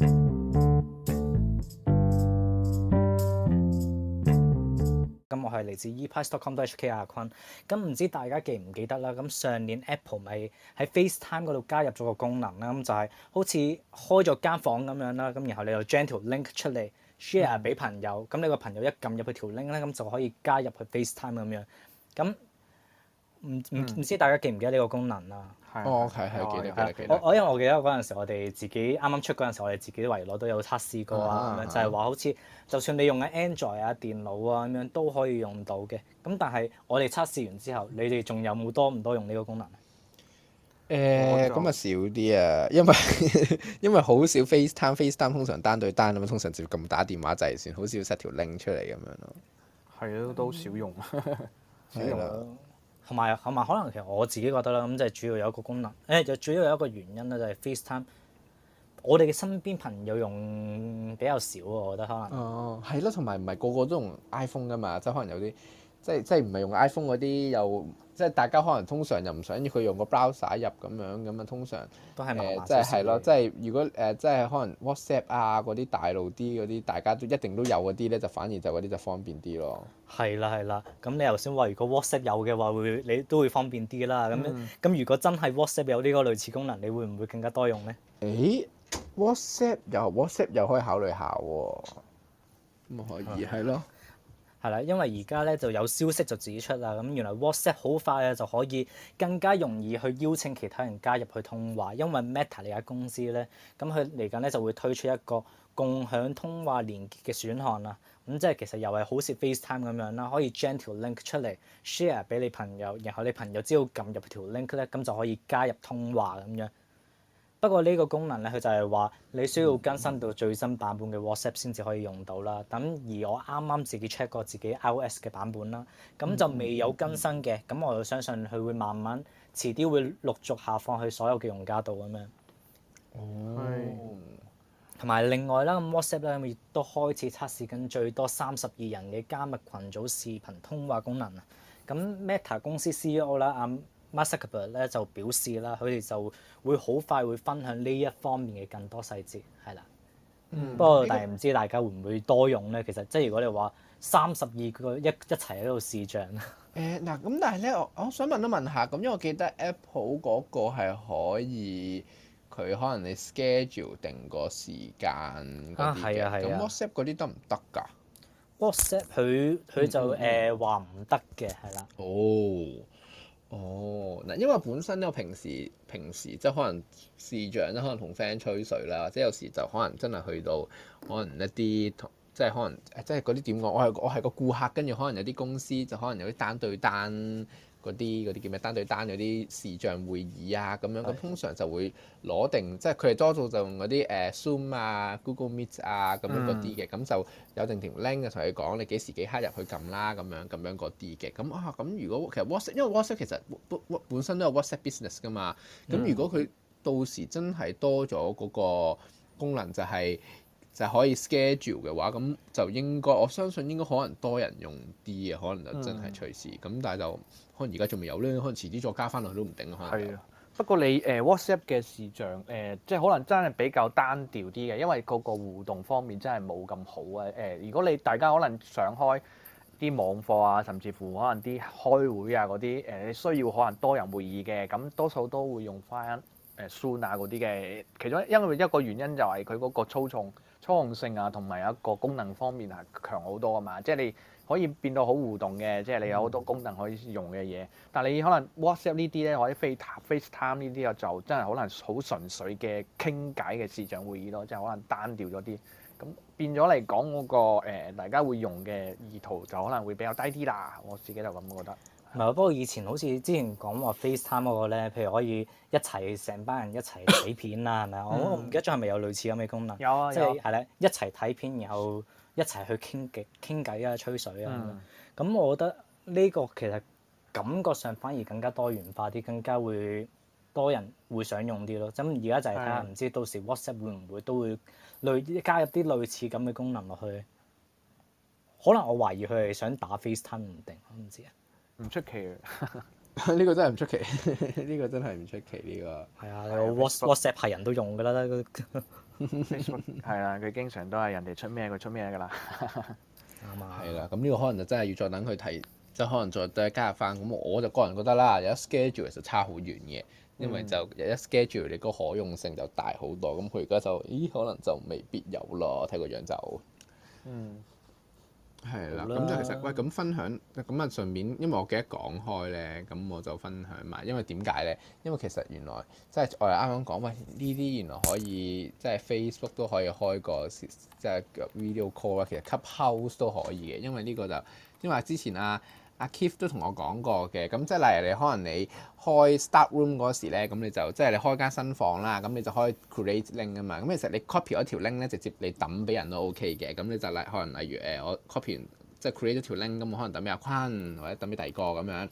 咁我係嚟自 eprice.com.hk，阿坤，咁唔知大家記唔記得啦？咁上年 Apple 咪喺 FaceTime 嗰度加入咗個功能啦，咁就係、是、好似開咗間房咁樣啦，咁然後你就將條 link 出嚟 share 俾朋友，咁、嗯、你個朋友一撳入去條 link 咧，咁就可以加入去 FaceTime 咁樣。咁唔唔唔知大家記唔記得呢個功能啦？哦，OK，係記得，的記得的記得。我因為我記得嗰陣時，我哋自己啱啱出嗰陣時，我哋自己圍攞都有測試過啊，就係話好似就算你用緊 Android 啊、電腦啊咁樣都可以用到嘅。咁但係我哋測試完之後，你哋仲有冇多唔多用呢個功能？誒、欸，咁啊就少啲啊，因為因為好少 FaceTime，FaceTime face 通常單對單咁樣，通常直接咁打電話就係、是、算，好少塞 e 條 link 出嚟咁樣咯。係啊，都少用， 少用。 同埋同埋，可能其實我自己覺得啦，咁、嗯、即係、主要有一個功能，誒、欸，就主要有一個原因咧，就係、係、FaceTime。我哋嘅身邊朋友用比較少喎，我覺得可能。哦，係啦，同埋唔係個個都用 iPhone 噶嘛，即係可能有啲。即係即係唔係用 iPhone 嗰啲，又即係大家可能通常又唔想要佢用個 browser 入咁樣咁啊，通常都麻麻，誒即係係咯，即係如果誒、呃、即係可能 WhatsApp 啊嗰啲大路啲嗰啲，大家都一定都有嗰啲咧，就反而就嗰啲就方便啲咯。係啦係啦，咁你頭先話如果 WhatsApp 有嘅話，會你都會方便啲啦。咁咁、嗯、如果真係 WhatsApp 有呢個類似功能，你會唔會更加多用咧？誒，WhatsApp 有 WhatsApp 有又可以考慮下喎，咁咪可以係咯。Okay. 係啦，因為而家咧就有消息就指出啦，咁原來 WhatsApp 好快啊就可以更加容易去邀請其他人加入去通話，因為 Meta 呢間公司咧，咁佢嚟緊咧就會推出一個共享通話連結嘅選項啦，咁即係其實又係好似 FaceTime 咁樣啦，可以將條 link 出嚟 share 俾你朋友，然後你朋友只要撳入條 link 咧，咁就可以加入通話咁樣。不過呢個功能咧，佢就係話你需要更新到最新版本嘅 WhatsApp 先至可以用到啦。咁而我啱啱自己 check 過自己 iOS 嘅版本啦，咁就未有更新嘅。咁、嗯、我就相信佢會慢慢遲啲會陸續下放去所有嘅用家度咁樣。同埋、嗯、是另外啦，WhatsApp 咧亦都開始測試緊最多三十二人嘅加密群組視頻通話功能啊。咁 Meta 公司 CEO 啦 Microsoft 咧就表示啦，佢哋就會好快會分享呢一方面嘅更多細節，係啦。嗯、不過，但係唔知大家會唔會多用咧？嗯這個、其實、就是，即係如果你話三十二個一一齊喺度視像。誒嗱，咁、呃、但係咧，我我想問一問下，咁因為我記得 Apple 嗰個係可以，佢可能你 schedule 定個時間嗰啲嘅。咁、啊、WhatsApp 嗰啲得唔得㗎？WhatsApp 佢佢就誒話唔得嘅，係啦。哦。哦，嗱，oh, 因為本身我平時平時即係可能視像咧，可能同 friend 吹水啦，即係有時就可能真係去到可能一啲同即係可能即係嗰啲點講，我係我係個顧客，跟住可能有啲公司就可能有啲單對單。嗰啲嗰啲叫咩單對單嗰啲視像會議啊咁樣，咁的通常就會攞定，即係佢哋多數就用嗰啲誒 Zoom 啊、Google Meet 啊咁樣嗰啲嘅，咁、嗯、就有定條 link 就同佢講你幾時幾刻入去撳啦，咁樣咁樣啲嘅，咁啊咁如果其實 WhatsApp 因為 WhatsApp 其實本本身都有 WhatsApp Business 㗎嘛，咁、嗯、如果佢到時真係多咗嗰個功能就係、是。就可以 schedule 嘅話，咁就應該我相信應該可能多人用啲嘅，可能就真係隨時咁，嗯、但係就可能而家仲未有呢，可能遲啲再加翻落去都唔定啊。係，不過你誒、呃、WhatsApp 嘅視像誒、呃，即係可能真係比較單調啲嘅，因為嗰個互動方面真係冇咁好啊。誒、呃，如果你大家可能想開啲網課啊，甚至乎可能啲開會啊嗰啲誒，需要可能多人會議嘅，咁多數都會用翻誒 Zoom 啊嗰啲嘅。其中因為一個原因就係佢嗰個操縱。多用性啊，同埋一個功能方面係強好多啊嘛，即係你可以變到好互動嘅，即係你有好多功能可以用嘅嘢。但係你可能 WhatsApp 呢啲咧，或者 Face FaceTime 呢啲啊，就真係可能好純粹嘅傾偈嘅視像會議咯，即係可能單調咗啲。咁變咗嚟講嗰個大家會用嘅意圖就可能會比較低啲啦。我自己就咁覺得。唔不過以前好似之前講話 FaceTime 嗰個咧，譬如可以一齊成班人一齊睇片啦，係咪啊？我唔記得咗係咪有類似咁嘅功能。 有啊，即係係咧一齊睇片，然後一齊去傾偈傾偈啊，吹水啊咁。 嗯、咁我覺得呢個其實感覺上反而更加多元化啲，更加會多人會想用啲咯。咁而家就係睇下唔知到時 WhatsApp 會唔會都會類加入啲類似咁嘅功能落去。可能我懷疑佢係想打 FaceTime 唔定，我唔知啊。唔出， 出奇，呢 個真係唔出奇，呢個真係唔出奇呢個。係啊，WhatsApp 係人都用嘅啦，係 啊，佢經常都係人哋出咩佢出咩嘅啦。啱 啊。係啦，咁呢個可能就真係要再等佢提，即係可能再加入翻。咁我就個人覺得啦，有一 schedule 就差好遠嘅，因為就有一 schedule 你個可用性就大好多。咁佢而家就，咦？可能就未必有咯。睇個樣就嗯。係啦，咁就吧其實喂，咁分享咁啊，順便，因為我記得講開咧，咁我就分享埋，因為點解咧？因為其實原來即係我哋啱啱講喂，呢啲原來可以即係 Facebook 都可以開個即係 video call 啦，其實 cup house 都可以嘅，因為呢個就因為之前啊。阿 Keith 都同我講過嘅，咁即係例如你可能你開 Start Room 嗰時咧，咁你就即係你開間新房啦，咁你就可以 create link 啊嘛，咁其實你 copy 嗰條 link 咧，直接你抌俾人都 OK 嘅，咁你就例可能例如誒我 copy 完即係 create 咗條 link，咁我可能抌俾阿坤或者抌俾第二個咁樣，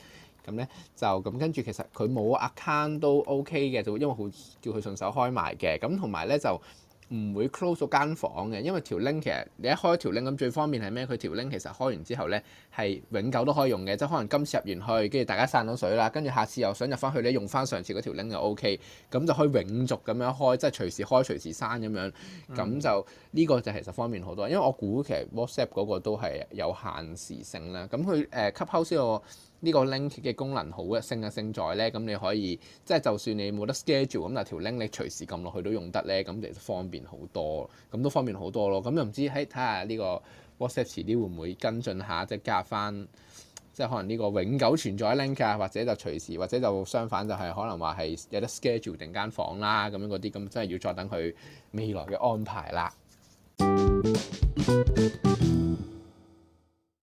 咁咧就咁跟住其實佢冇 account 都 OK 嘅，就因為好叫佢順手開埋嘅，咁同埋咧就。唔會 close 咗間房嘅，因為條 link 其實你一開條 link 咁最方便係咩？佢條 link 其實開完之後呢係永久都可以用嘅，即係可能今次入完去，跟住大家散咗水啦，跟住下次又想入翻去咧，用翻上次嗰條 link 就 OK，咁就可以永續咁樣開，即係隨時開隨時閂咁樣，咁、嗯、就呢、呢個就其實方便好多，因為我估其實 WhatsApp 嗰個都係有限時性啦，咁佢誒 close 先我。呢個 link 嘅功能好一升一升在咧，咁你可以即係、就是、就算你冇得 schedule，咁嗱條 link 你隨時撳落去都用得咧，咁其實方便好多，咁都方便好多咯。咁又唔知喺睇下呢個 WhatsApp 遲啲會唔會跟進下，即係加翻，即係可能呢個永久存在 link 啊，或者就隨時，或者就相反就係可能話係有得 schedule 定間房啦，咁樣嗰啲，咁真係要再等佢未來嘅安排啦。